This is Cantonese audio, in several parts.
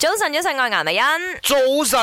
早晨，早晨，我係顏麗欣。早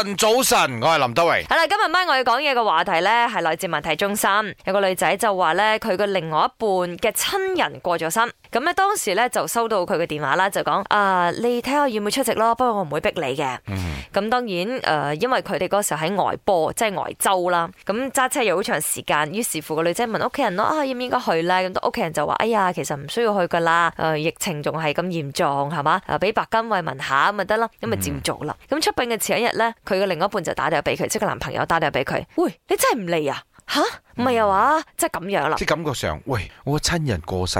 晨，早晨，我係林德偉。好啦， 今日晚我要講嘢嘅話題咧，係來自問題中心，有個女仔就話咧，佢嘅另外一半嘅親人過咗身。咁咧，當時咧就收到佢嘅電話啦，就講啊、呃，你睇下要唔要出席咯，不過我唔會逼你嘅。咁、mm-hmm. 當然誒、呃，因為佢哋嗰時候喺外埠，即係外州啦。咁揸車又好長時間，於是乎個女仔問屋企人咯，啊，應唔應該去咧？咁屋企人就話：哎呀，其實唔需要去噶啦、呃。疫情仲係咁嚴重，係嘛？誒、啊，俾帛金慰問下咪得啦，咁咪照做啦。咁、mm-hmm. 出殯嘅前一日咧，佢嘅另一半就打電話俾佢，即、就、係、是、個男朋友打電話俾佢。喂，你真係唔嚟啊？嚇！唔係啊！話即係咁樣啦，即係感覺上，喂，我個親人過世，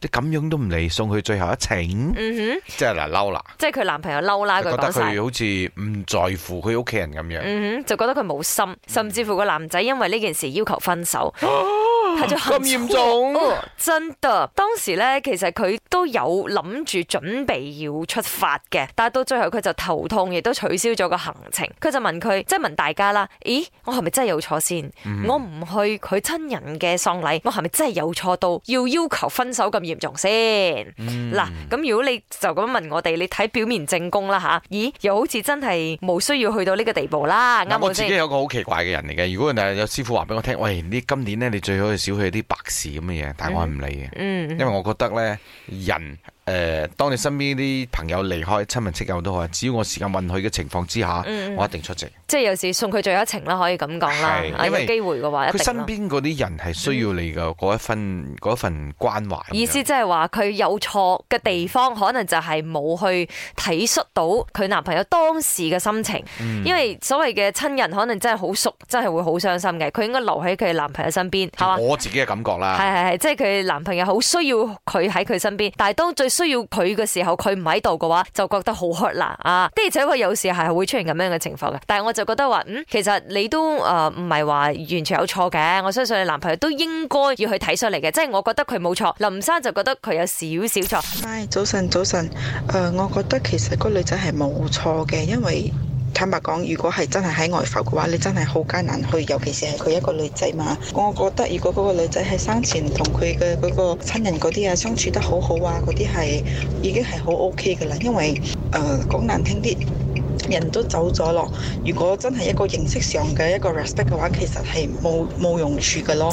即咁樣都唔理，送去最後一程，嗯哼，即係嗱嬲啦，即係佢男朋友嬲啦，覺得佢好似唔在乎佢屋企人咁樣，嗯哼，就覺得佢冇、嗯、心，甚至乎個男仔因爲呢件事要求分手。嗯咁嚴重？Oh, 真㗎！當時咧，其實佢都有諗住準備要出發嘅，但係到最後佢就頭痛，亦都取消咗個行程。佢就問佢，即係問大家啦，咦，我係咪真係有錯先、嗯？我唔去佢親人嘅喪禮，我係咪真係有錯到要要求分手咁嚴重先？嗱、嗯，咁如果你就咁問我哋，你睇表面證供啦吓，咦，又好似真係冇需要去到呢個地步啦。啱我自己有個好奇怪嘅人嚟嘅，如果誒有師傅話俾我聽，喂，你今年呢，你最好，少去啲白事咁嘅嘢，但我係唔理嘅，因為我覺得呢人誒、呃，當你身邊啲朋友離開，親朋戚友都好，只要我時間允許嘅情況之下、嗯，我一定出席。即係有時送佢最後一程啦，可以咁講啦。因為機會嘅話，佢身邊嗰啲人係需要你嘅嗰、嗯、一份嗰一份關懷。意思即係話佢有錯嘅地方，可能就係冇去體恤到佢男朋友當時嘅心情、嗯。因為所謂嘅親人，可能真係好熟，真係會好傷心嘅。佢應該留喺佢男朋友身邊，嗯我自己嘅感覺啦，係係係，即係佢男朋友好需要佢喺佢身邊，但係當最需要佢嘅時候，佢唔喺度嘅話，就覺得好困難啊！而且佢有時係會出現咁樣嘅情況嘅，但係我就覺得話，嗯，其實你都誒唔係話完全有錯嘅，我相信你男朋友都應該要去睇出嚟嘅，即係我覺得佢冇錯，林生就覺得佢有少少錯。係早晨，早晨，誒、呃，我覺得其實個女仔係冇錯嘅，因為。坦白講，如果係真係喺外埠嘅話，你真係好艱難去，尤其是係佢一個女仔嘛。我覺得如果嗰個女仔喺生前同佢嘅嗰個親人嗰啲啊，相處得好好啊，嗰啲係已經係好 OK 嘅啦。因為誒講難聽啲，呃那個、的人都走咗咯。如果真係一個形式上嘅一個 respect 嘅話，其實係冇冇用處嘅咯。